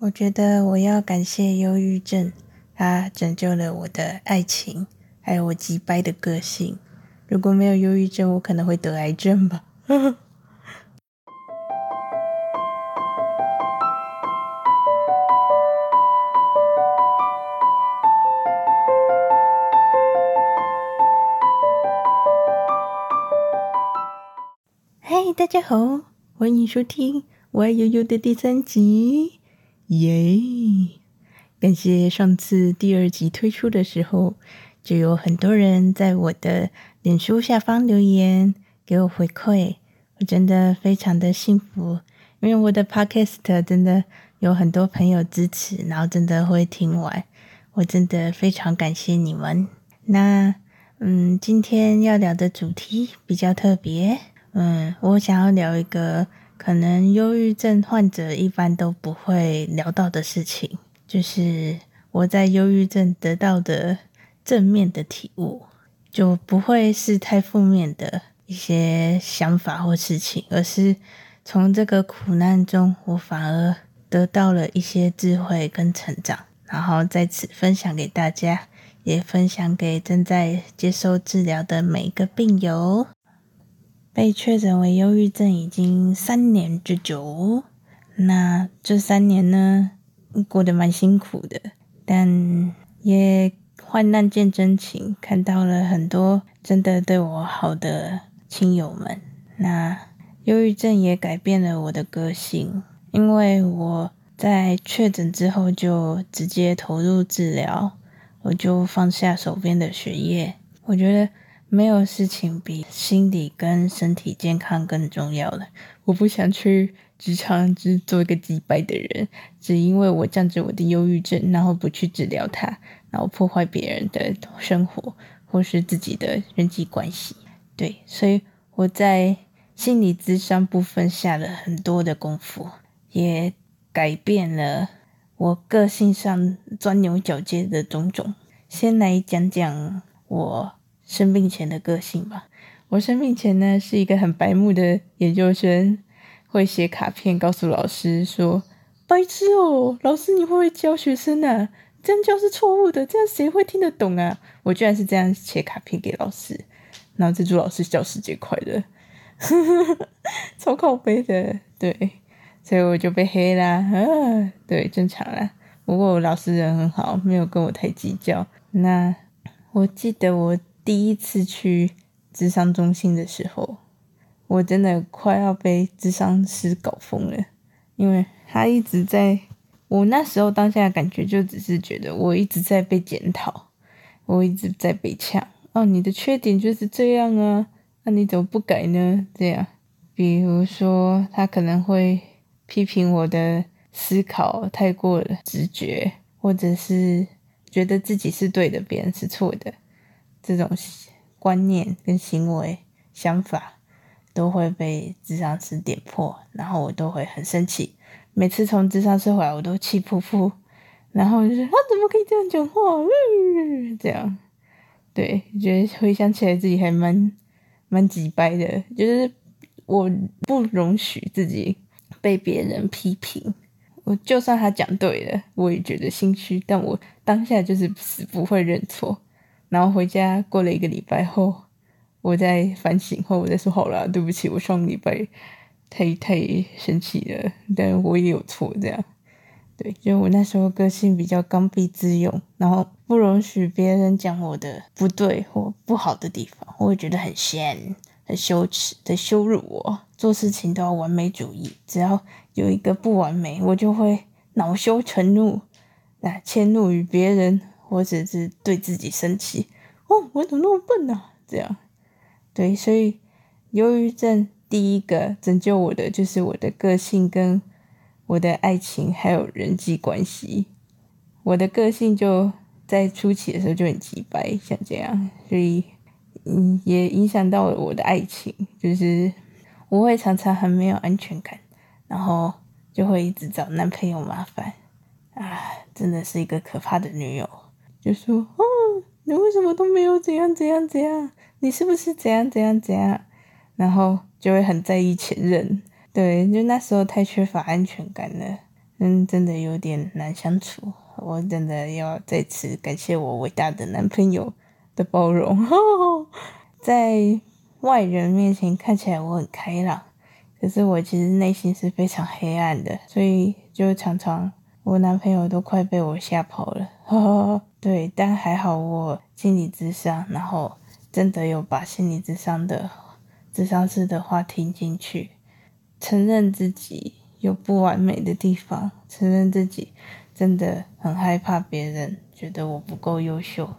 我覺得我要感謝憂鬱症，它拯救了我的愛情，還有我急掰的個性。如果沒有憂鬱症，我可能會得癌症吧。嗨、 hey，大家好，歡迎收聽我愛憂憂的第三集。耶、yeah！感謝上次第二集推出的時候，就有很多人在我的臉書下方留言給我回饋，我真的非常的幸福，因為我的 Podcast 真的有很多朋友支持，然後真的會聽完，我真的非常感謝你們。那，嗯，今天要聊的主題比較特別，嗯，我想要聊一個。可能憂鬱症患者一般都不會聊到的事情，就是我在憂鬱症得到的正面的體悟，就不會是太負面的一些想法或事情，而是從這個苦難中，我反而得到了一些智慧跟成長，然後在此分享給大家，也分享給正在接受治療的每一個病友。被確診為憂鬱症已經三年之久，那這三年呢，過得蠻辛苦的，但也患難見真情，看到了很多真的對我好的親友們。那憂鬱症也改變了我的個性，因為我在確診之後就直接投入治療，我就放下手邊的學業，我覺得。沒有事情比心理跟身體健康更重要了。我不想去職場只做一個機掰的人，只因為我仗着我的憂鬱症，然後不去治療它，然後破壞別人的生活或是自己的人際關係。對，所以我在心理諮商部分下了很多的功夫，也改變了我個性上鑽牛角尖的種種。先來講講我。生病前的個性吧。我生病前呢是一個很白目的研究生，會寫卡片告訴老師說：“白痴哦、喔，老師你會不會教學生啊？這樣教是錯誤的，這樣誰會聽得懂啊？”我居然是這樣寫卡片給老師，然後就祝老師教師節快樂， 超靠北的。對，所以我就被黑啦。啊，對，正常啦。不過我老師人很好，沒有跟我太計較。那我記得我。第一次去諮商中心的時候，我真的快要被諮商師搞瘋了，因為他一直在，我那時候當下的感覺就只是覺得我一直在被檢討，我一直在被嗆。哦，你的缺點就是這樣啊，那你怎麼不改呢？這樣，比如說他可能會批評我的思考太過了直覺，或者是覺得自己是對的，別人是錯的。這種觀念跟行為、想法都會被諮商師點破，然後我都會很生氣。每次從諮商師回來，我都氣噗噗，然後就是他、啊、怎麼可以這樣講話？嗯，這樣對，覺得回想起來自己還蠻蠻直白的。就是我不容許自己被別人批評，我就算他講對了，我也覺得心虛，但我當下就是死不會認錯。然後回家過了一個禮拜後，我在反省後，我再說好了，啊，對不起，我上個禮拜太太生氣了，但我也有錯，這樣，對，因為我那時候個性比較剛愎自用，然後不容許別人講我的不對或不好的地方，我會覺得很嫌、很羞恥、在羞辱我，做事情都要完美主義，只要有一個不完美，我就會惱羞成怒，來遷怒於別人，或者是對自己生氣，哦，我怎麼那麼笨呢、啊？這樣，對，所以憂鬱症第一個拯救我的就是我的個性、跟我的愛情還有人際關係。我的個性就在初期的時候就很機掰，像這樣，所以嗯，也影響到了我的愛情，就是我會常常很沒有安全感，然後就會一直找男朋友麻煩，啊，真的是一個可怕的女友。就說哦，你為什麼都沒有怎樣怎樣怎樣？你是不是怎樣怎樣怎樣？然後就會很在意前任，對，就那時候太缺乏安全感了，嗯，真的有點難相處。我真的要再次感謝我偉大的男朋友的包容，哦。在外人面前看起來我很開朗，可是我其實內心是非常黑暗的，所以就常常我男朋友都快被我嚇跑了。哦、oh，對，但還好我心理諮商，然後真的有把心理諮商的諮商師的話聽進去，承認自己有不完美的地方，承認自己真的很害怕別人覺得我不夠優秀，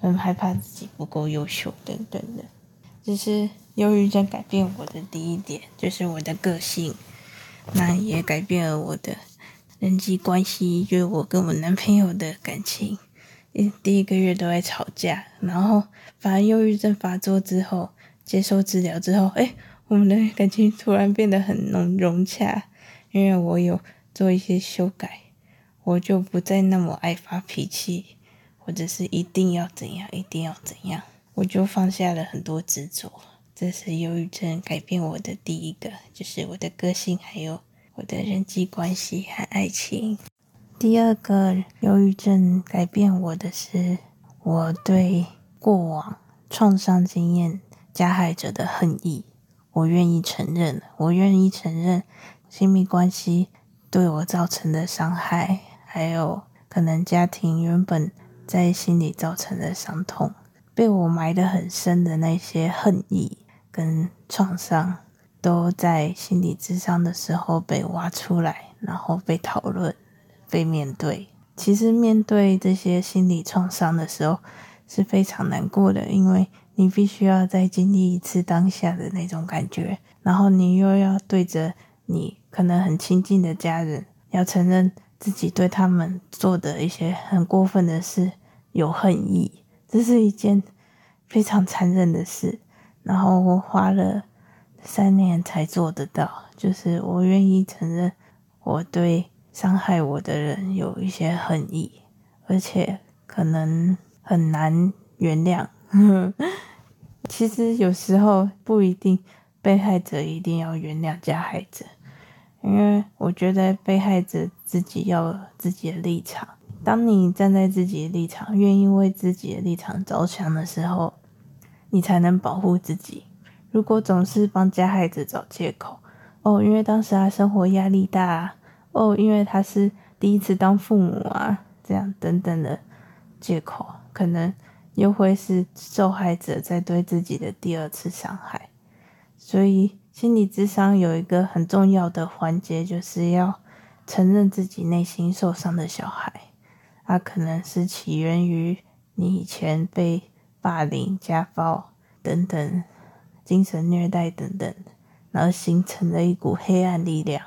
很害怕自己不夠優秀等等的。只是憂鬱症改變我的第一點，就是我的個性，那也改變了我的。人際關係，就是我跟我男朋友的感情，第第一個月都在吵架，然後反正憂鬱症發作之後，接受治療之後，哎，我們的感情突然變得很融融洽，因為我有做一些修改，我就不再那麼愛發脾氣，或者是一定要怎樣，一定要怎樣，我就放下了很多執着。這是憂鬱症改變我的第一個，就是我的個性，還有。我的人際關係和愛情。第二個憂鬱症改變我的是，我對過往創傷經驗加害者的恨意。我願意承認，我願意承認親密關係對我造成的傷害，還有可能家庭原本在心裡造成的傷痛，被我埋得很深的那些恨意跟創傷。都在心理諮商的時候被挖出來，然後被討論、被面對。其實面對這些心理創傷的時候是非常難過的，因為你必須要再經歷一次當下的那種感覺，然後你又要對着你可能很親近的家人，要承認自己對他們做的一些很過分的事有恨意，這是一件非常殘忍的事。然後我花了。三年才做得到，就是我願意承認，我對傷害我的人有一些恨意，而且可能很難原諒。 其實有時候不一定，被害者一定要原諒加害者，因為我覺得被害者自己要有自己的立場。當你站在自己的立場，願意為自己的立場着想的時候，你才能保護自己。如果總是幫加害者找借口，哦，因為當時他生活壓力大，啊，哦，因為他是第一次當父母啊，這樣等等的借口，可能又會是受害者在對自己的第二次傷害。所以心理諮商有一個很重要的環節，就是要承認自己內心受傷的小孩，啊，可能是起源於你以前被霸凌，家暴等等。精神虐待等等，然後形成了一股黑暗力量，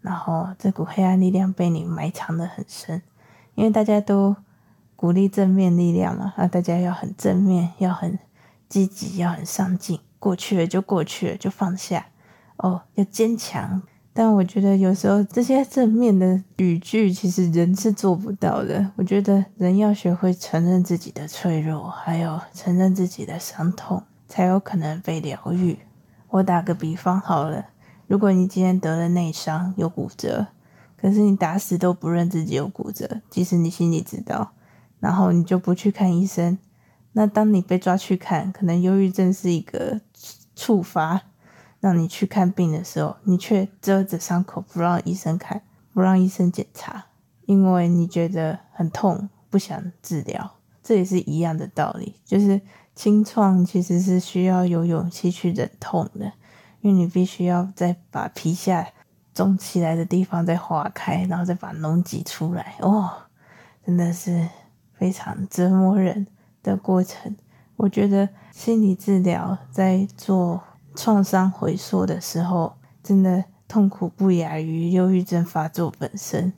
然後這股黑暗力量被你埋藏得很深，因為大家都鼓勵正面力量嘛，啊，大家要很正面，要很積極，要很上進，過去了就過去了，就放下哦，要堅強。但我覺得有時候這些正面的語句，其實人是做不到的。我覺得人要學會承認自己的脆弱，還有承認自己的傷痛。才有可能被療癒。我打個比方好了，如果你今天得了內傷，有骨折，可是你打死都不認自己有骨折，即使你心裡知道，然後你就不去看醫生。那當你被抓去看，可能憂鬱症是一個觸發，讓你去看病的時候，你卻遮着傷口不讓醫生看，不讓醫生檢查，因為你覺得很痛，不想治療。這也是一樣的道理，就是清創其實是需要有勇氣去忍痛的，因為你必須要再把皮下腫起來的地方再劃開，然後再把膿擠出來。哦，真的是非常折磨人的過程。我覺得心理治療在做創傷回溯的時候，真的痛苦不亞於憂鬱症發作本身，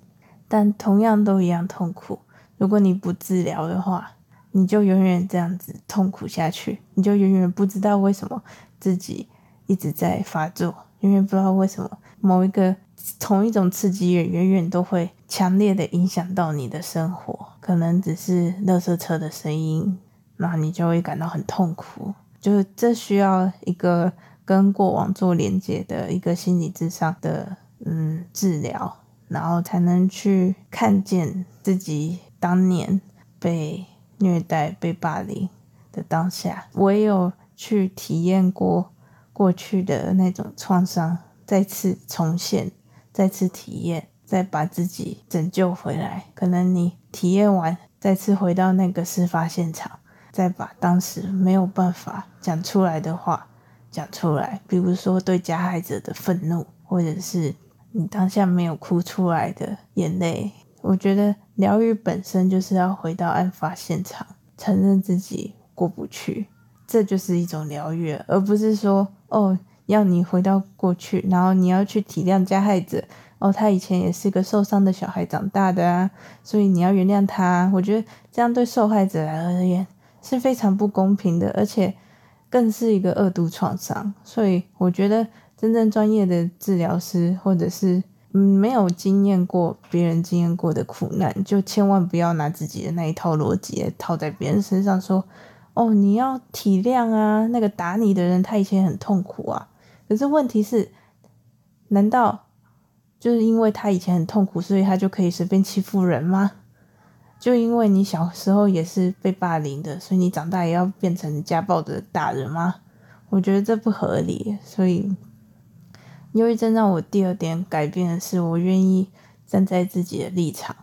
但同樣都一樣痛苦。如果你不治療的話，你就永遠這樣子痛苦下去，你就永遠不知道為什麼自己一直在發作，永遠不知道為什麼某一個同一種刺激也永遠都會強烈的影響到你的生活。可能只是垃圾車的聲音，那你就會感到很痛苦。就是這需要一個跟過往做連接的一個心理諮商的嗯治療，然後才能去看見自己當年被虐待、被霸凌的當下，我也有去體驗過過去的那種創傷再次重現、再次體驗，再把自己拯救回來。可能你體驗完，再次回到那個事發現場，再把當時沒有辦法講出來的話講出來，比如說對加害者的憤怒，或者是你當下沒有哭出來的眼淚。我覺得療癒本身就是要回到案發現場，承認自己過不去，這就是一種療癒，而不是說哦，要你回到過去，然後你要去體諒加害者，哦，他以前也是個受傷的小孩長大的啊，所以你要原諒他。我覺得這樣對受害者來而言是非常不公平的，而且更是一個二度創傷。所以我覺得真正專業的治療師或者是嗯，沒有經驗過別人經驗過的苦難，就千萬不要拿自己的那一套邏輯套在別人身上說，說哦，你要體諒啊，那個打你的人他以前很痛苦啊。可是問題是，難道就是因為他以前很痛苦，所以他就可以隨便欺負人嗎？就因為你小時候也是被霸凌的，所以你長大也要變成家暴的大人嗎？我覺得這不合理，所以。因為這讓我第二點改變的是，我願意站在自己的立場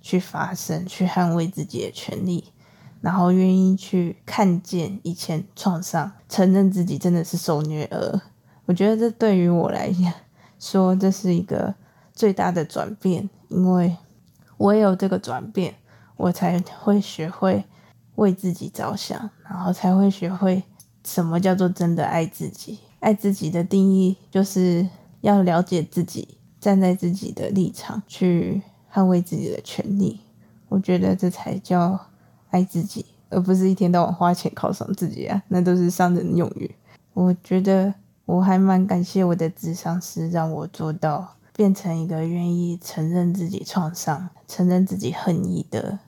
去發聲，去捍衛自己的權利，然後願意去看見以前創傷，承認自己真的是受虐兒。我覺得這對於我來講，說這是一個最大的轉變，因為我有這個轉變，我才會學會為自己着想，然後才會學會什麼叫做真的愛自己。愛自己的定義，就是要了解自己，站在自己的立場去捍衛自己的權利。我覺得這才叫愛自己，而不是一天到晚花錢犒賞自己啊，那都是傷人的用語。我覺得我還蠻感謝我的諮商師，讓我做到變成一個願意承認自己創傷、承認自己恨意的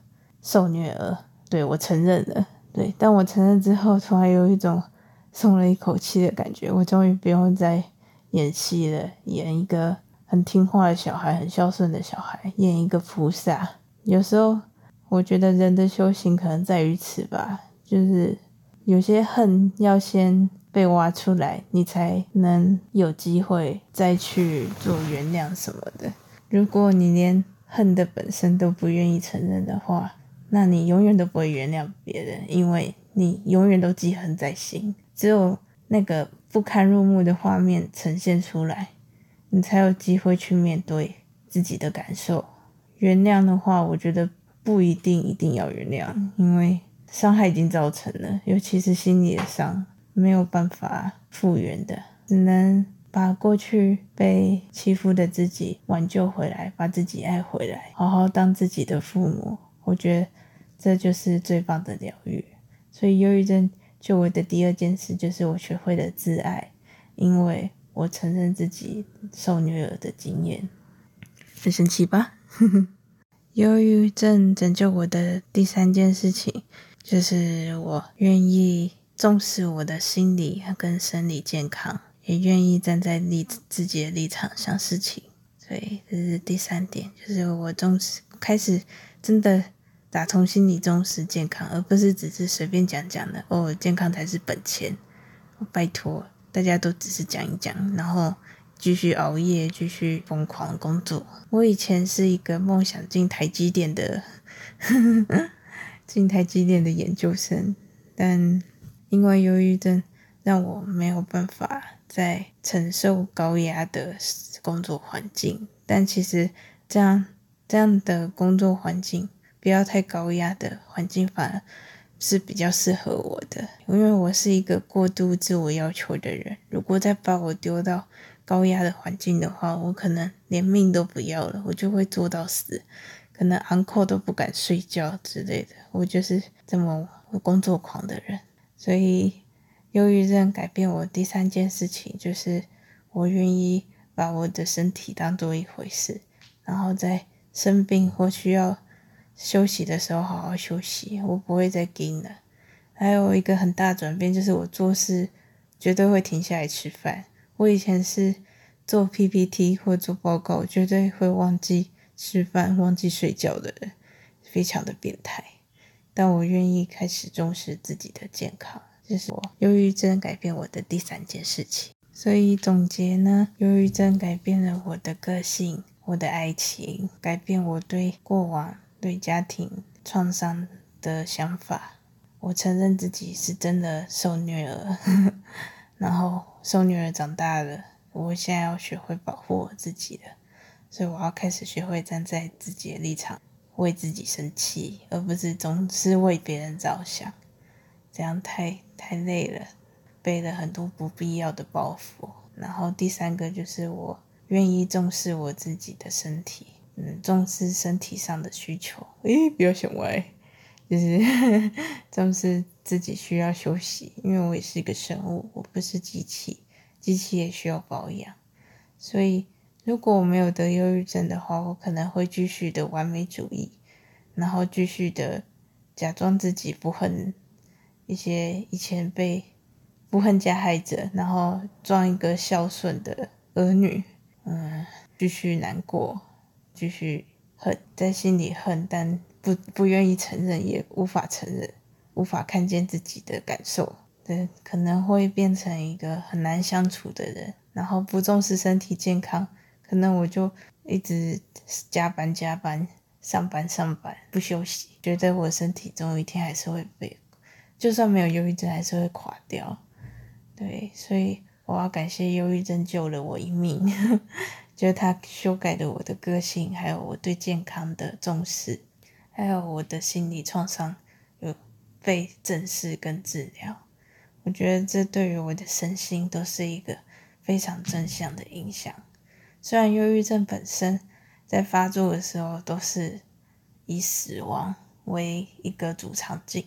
受虐兒。對，我承認了，對，但我承認之後，突然有一種。鬆了一口氣的感覺，我終於不用再演戲了，演一個很聽話的小孩，很孝順的小孩，演一個菩薩。有時候我覺得人的修行可能在於此吧，就是有些恨要先被挖出來，你才能有機會再去做原諒什麼的。如果你連恨的本身都不願意承認的話，那你永遠都不會原諒別人，因為你永遠都記恨在心。只有那個不堪入目的畫面呈現出來，你才有機會去面對自己的感受。原諒的話，我覺得不一定一定要原諒，因為傷害已經造成了，尤其是心理的傷，沒有辦法復原的，只能把過去被欺負的自己挽救回來，把自己愛回來，好好當自己的父母。我覺得這就是最棒的療癒。所以憂鬱症。就我的第二件事就是我學會了自愛，因為我承認自己受虐的經驗，很神奇吧？憂鬱症拯救我的第三件事情就是我願意重視我的心理跟生理健康，也願意站在立自己的立場想事情，所以這是第三點，就是我重視我開始真的。打從心裡重視健康，而不是只是隨便講講的哦。健康才是本錢，拜托，大家都只是講一講，然後繼續熬夜，繼續瘋狂工作。我以前是一個夢想進台積電的， 進台積電的研究生，但因為憂鬱症，讓我沒有辦法再承受高壓的工作環境。但其實這樣這樣的工作環境。不要太高壓的環境，反而是比較適合我的，因為我是一個過度自我要求的人。如果再把我丟到高壓的環境的話，我可能連命都不要了，我就會做到死，可能昂 n 都不敢睡覺之類的。我就是這麼工作狂的人，所以憂鬱症改變我第三件事情就是，我願意把我的身體當做一回事，然後在生病或需要。休息的時候好好休息，我不會再盯了。還有一個很大轉變就是，我做事絕對會停下來吃飯。我以前是做 PPT 或做報告，絕對會忘記吃飯、忘記睡覺的人，非常的變態。但我願意開始重視自己的健康，這、就是我憂鬱症改變我的第三件事情。所以總結呢，憂鬱症改變了我的個性、我的愛情，改變我對過往。對家庭創傷的想法，我承認自己是真的受虐了，呵呵，然後受虐兒，長大了，我現在要學會保護我自己了，所以我要開始學會站在自己的立場，為自己生氣，而不是總是為別人着想，這樣太太累了，背了很多不必要的包袱。然後第三個就是我願意重視我自己的身體。重視身體上的需求，誒、欸，不要想歪，就是呵呵重視自己需要休息。因為我也是一個生物，我不是機器，機器也需要保養。所以，如果我沒有得憂鬱症的話，我可能會繼續的完美主義，然後繼續的假裝自己不恨一些以前被不恨加害者，然後裝一個孝順的兒女，嗯，繼續難過。繼續恨，在心裡恨，但不不願意承認，也無法承認，無法看見自己的感受，對，可能會變成一個很難相處的人。然後不重視身體健康，可能我就一直加班加班，上班上班，不休息，覺得我身體總有一天還是會被，就算沒有憂鬱症，還是會垮掉。對，所以我要感謝憂鬱症救了我一命。 覺得他修改了我的個性，還有我對健康的重視，還有我的心理創傷有被正視跟治療，我覺得這對於我的身心都是一個非常正向的影響。雖然憂鬱症本身在發作的時候都是以死亡為一個主場景，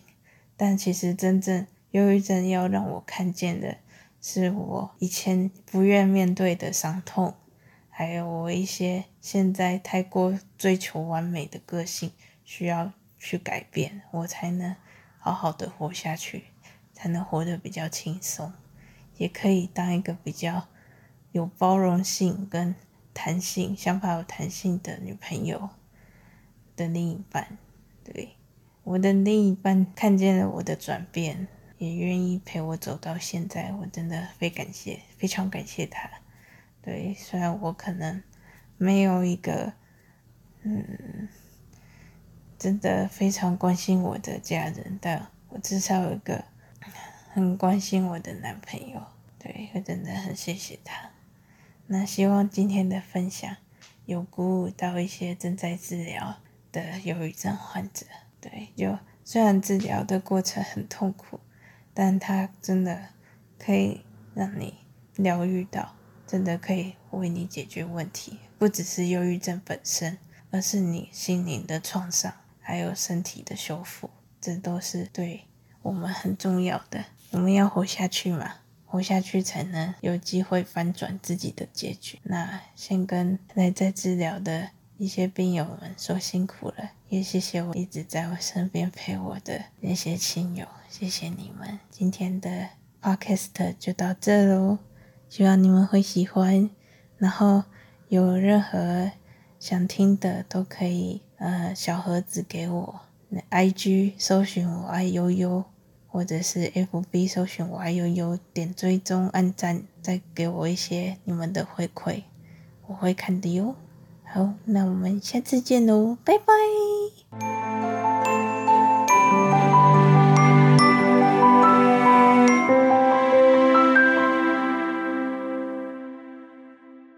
但其實真正憂鬱症要讓我看見的是我以前不願面對的傷痛。還有我一些現在太過追求完美的個性，需要去改變，我才能好好的活下去，才能活得比較輕鬆，也可以當一個比較有包容性跟彈性，想法有彈性的女朋友的另一半。對，我的另一半看見了我的轉變，也願意陪我走到現在，我真的非常感謝，非常感謝他。對，雖然我可能沒有一個，嗯，真的非常關心我的家人，但我至少有一個很關心我的男朋友。對，我真的很謝謝他。那希望今天的分享有鼓舞到一些正在治療的憂鬱症患者。對，就雖然治療的過程很痛苦，但他真的可以讓你療癒到。真的可以為你解決問題，不只是憂鬱症本身，而是你心靈的創傷，還有身體的修復，這都是對我們很重要的。我們要活下去嘛，活下去才能有機會翻轉自己的結局。那先跟還在治療的一些病友們說辛苦了，也謝謝我一直在我身邊陪我的那些親友，謝謝你們。今天的 Podcast 就到這嘍。希望你們會喜歡，然後有任何想聽的都可以，呃，小盒子給我，IG 搜尋我愛憂憂，或者是 FB 搜尋我愛憂憂，點追蹤按讚，再給我一些你們的回饋，我會看的喲。好，那我們下次見嘍，拜拜。